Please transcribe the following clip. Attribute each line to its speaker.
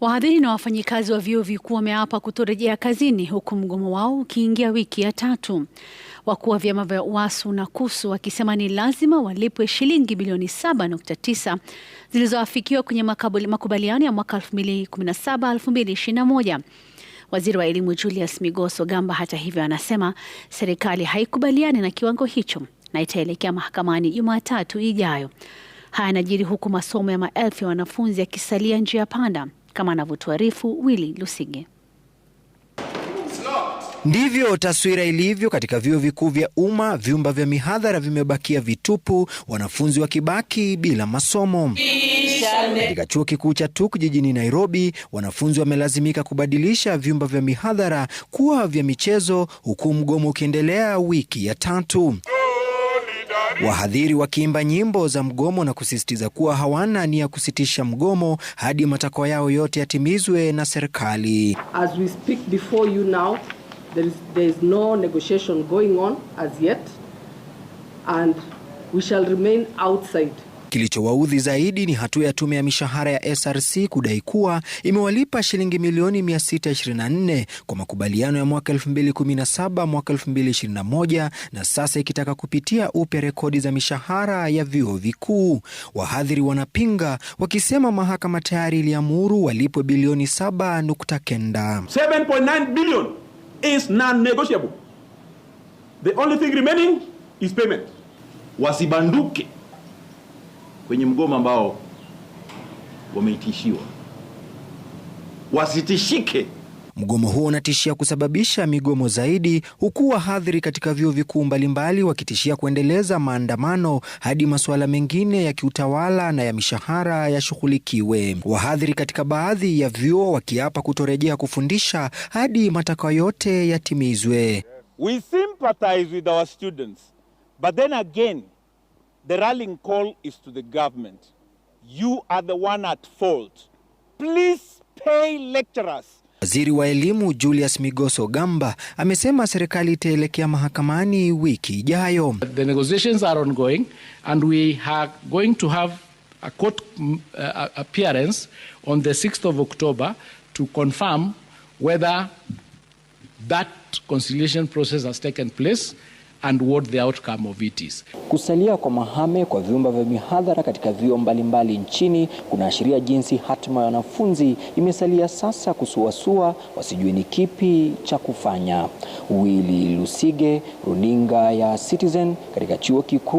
Speaker 1: Wahadhiri na wafanyikazi wa vyuo vikuu wameapa kutorejea kazini huku mgomo wao ukiingia wiki ya tatu. Wakuu wa vyama vya UASU na KUSU wakisema ni lazima walipwe shilingi bilioni 7.9 zilizoafikiwa kwenye makubaliano ya mwaka 2017-2021. Waziri wa Elimu Julius Migos Ogamba, hata hivyo, anasema serikali haikubaliani na kiwango hicho na itaelekea mahakamani Jumatatu ijayo. Haya yanajiri huku masomo ya maelfu ya wanafunzi yakisalia njia panda kama anavyotuarifu Willy Lusige.
Speaker 2: Ndivyo taswira ilivyo katika vyuo vikuu vya umma. Vyumba vya mihadhara vimebakia vitupu, wanafunzi wakibaki bila masomo. Katika chuo kikuu cha TUK jijini Nairobi, wanafunzi wamelazimika kubadilisha vyumba vya mihadhara kuwa vya michezo, huku mgomo ukiendelea wiki ya tatu. Wahadhiri wakiimba nyimbo za mgomo na kusisitiza kuwa hawana nia kusitisha mgomo hadi matakwa yao yote yatimizwe na serikali.
Speaker 3: As we speak before you now, there is, there is no negotiation going on as yet and we shall remain outside
Speaker 2: Kilichowaudhi zaidi ni hatua ya tume ya mishahara ya SRC kudai kuwa imewalipa shilingi milioni 624 kwa makubaliano ya mwaka 2017 mwaka 2021 na sasa ikitaka kupitia upya rekodi za mishahara ya vyuo vikuu. Wahadhiri wanapinga wakisema mahakama tayari iliamuru walipwe bilioni 7.9.
Speaker 4: 7.9 billion is non-negotiable. The only thing remaining is payment. Wasibanduke kwenye mgomo ambao wameitishiwa wasitishike.
Speaker 2: Mgomo huo unatishia kusababisha migomo zaidi, huku wahadhiri katika vyuo vikuu mbalimbali wakitishia kuendeleza maandamano hadi masuala mengine ya kiutawala na ya mishahara yashughulikiwe. Wahadhiri katika baadhi ya vyuo wakiapa kutorejea kufundisha hadi matakwa yote yatimizwe.
Speaker 5: We sympathize with our students, but then again, The rallying call is to the government. You are the one at fault. Please pay lecturers.
Speaker 2: Waziri wa elimu Julius Migoso Gamba amesema serikali itaelekea mahakamani wiki ijayo.
Speaker 6: The negotiations are ongoing and we are going to have a court uh, appearance on the 6th of October to confirm whether that conciliation process has taken place and what the outcome of it is.
Speaker 2: Kusalia kwa mahame kwa vyumba vya mihadhara katika vyuo mbalimbali nchini kunaashiria jinsi hatima ya wanafunzi imesalia sasa kusuasua, wasijui ni kipi cha kufanya. Willy Lusige, runinga ya Citizen katika chuo kikuu